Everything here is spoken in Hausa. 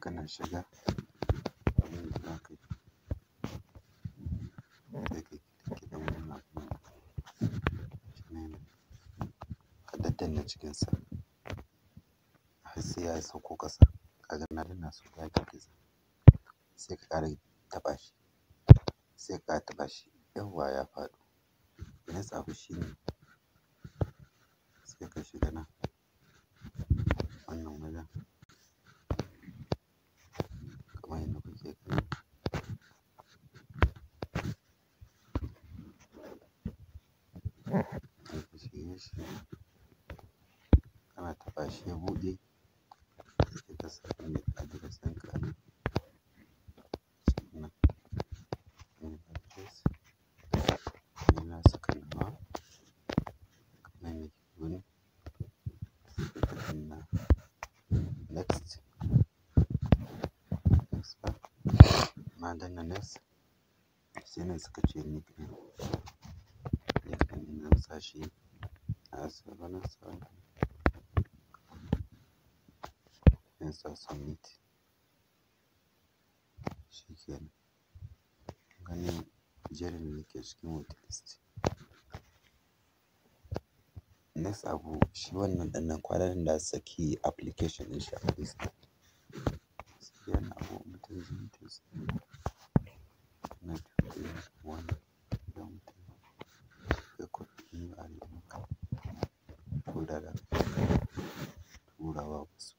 kana shiga abin da za ka yi sai ka kiɗan wannan abun shine ka daddanna cikinsa har sai ya sauko ƙasa ka ga na danna sau ya girgiza sai ka ƙara taɓa shi sai ka ƙara taɓa shi yawwa ya faɗo next shi ne, sai ka shiga nan ka shige kana taɓa shi ya buɗe sai ka sa email address ɗinka next ba na sai nan suka ce ƙasashe a Savannah, South Summit shi Ganin jerin da ke cikin list. Next abu shi wannan ɗin kwanan da saki application ɗin shi a Facebook. Shi abu mutum zai tura turawa ba su